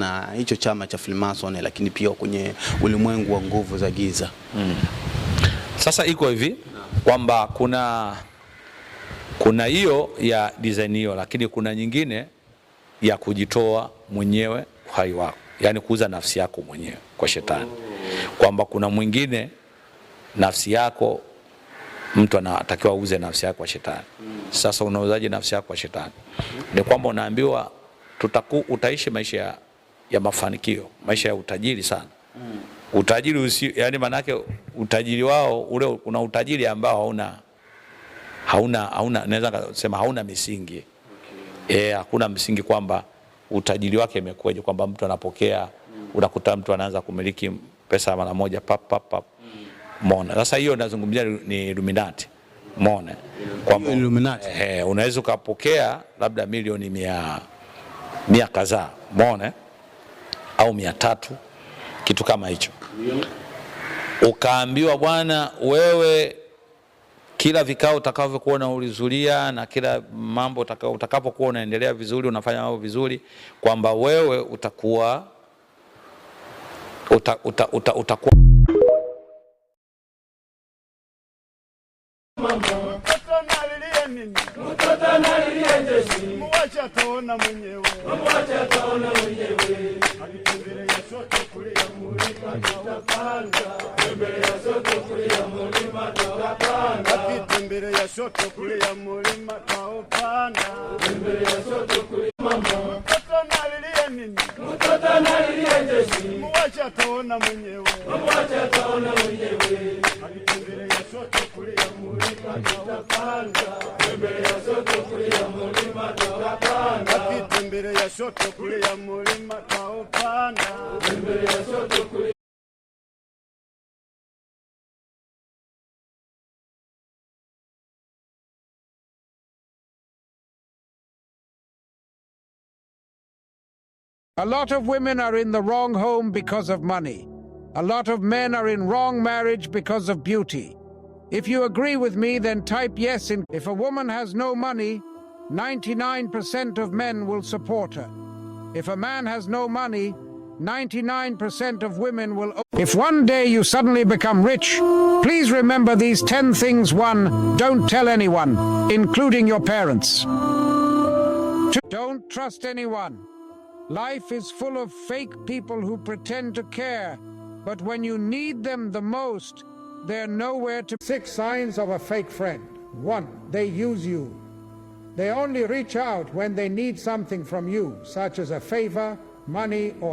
na hicho chama cha Freemason, lakini pia kwenye ulimwengu wa nguvu za giza mm. Sasa iko hivi kwamba kuna kuna hiyo ya design hiyo, lakini kuna nyingine ya kujitoa mwenyewe uhai wako, yaani kuuza nafsi yako mwenyewe kwa shetani, kwamba kuna mwingine nafsi yako mtu anatakiwa auze nafsi yake kwa shetani. Sasa unauzaje nafsi yako kwa shetani? Ni kwamba unaambiwa tutaku, utaishi maisha ya ya mafanikio, maisha ya utajiri sana mm. Utajiri usi, yani manake utajiri wao ule, kuna utajiri ambao hauna hauna hauna naweza kusema hauna misingi okay. Eh, hakuna msingi kwamba utajiri wake imekuwaje, kwamba mtu anapokea mm. Unakuta mtu anaanza kumiliki pesa mara moja pap pap pap mm. Mona sasa hiyo nazungumzia ni Illuminati mona kwamba Illuminati eh, eh, unaweza ukapokea labda milioni mia mia kadhaa mona au mia tatu kitu kama hicho, ukaambiwa bwana, wewe kila vikao utakavyokuwa ulizulia na kila mambo utakapokuwa unaendelea vizuri, unafanya mambo vizuri, kwamba wewe utakuwa uta, uta, uta, utakuwa mtoto Mwache ataona mwenyewe, mwache ataona mwenyewe. Mbele ya sote kulia mulima tunapanda, mbele ya sote kulia mulima tunapanda, mbele ya sote kulia mulima tunapanda, mbele ya sote Mwache ataona mwenyewe, mwache ataona mwenyewe. Alitembelea sote kule ya mulima na tembelea sote kule ya mulima na wakanda, akitembelea sote kule ya mulima na tembelea sote kule A lot of women are in the wrong home because of money. A lot of men are in wrong marriage because of beauty. If you agree with me, then type yes in. If a woman has no money, 99% of men will support her. If a man has no money, 99% of women will. If one day you suddenly become rich, please remember these 10 things one, don't tell anyone, including your parents. Two, don't trust anyone. Life is full of fake people who pretend to care, but when you need them the most, they're nowhere to. Six signs of a fake friend. One, they use you. They only reach out when they need something from you, such as a favor, money, or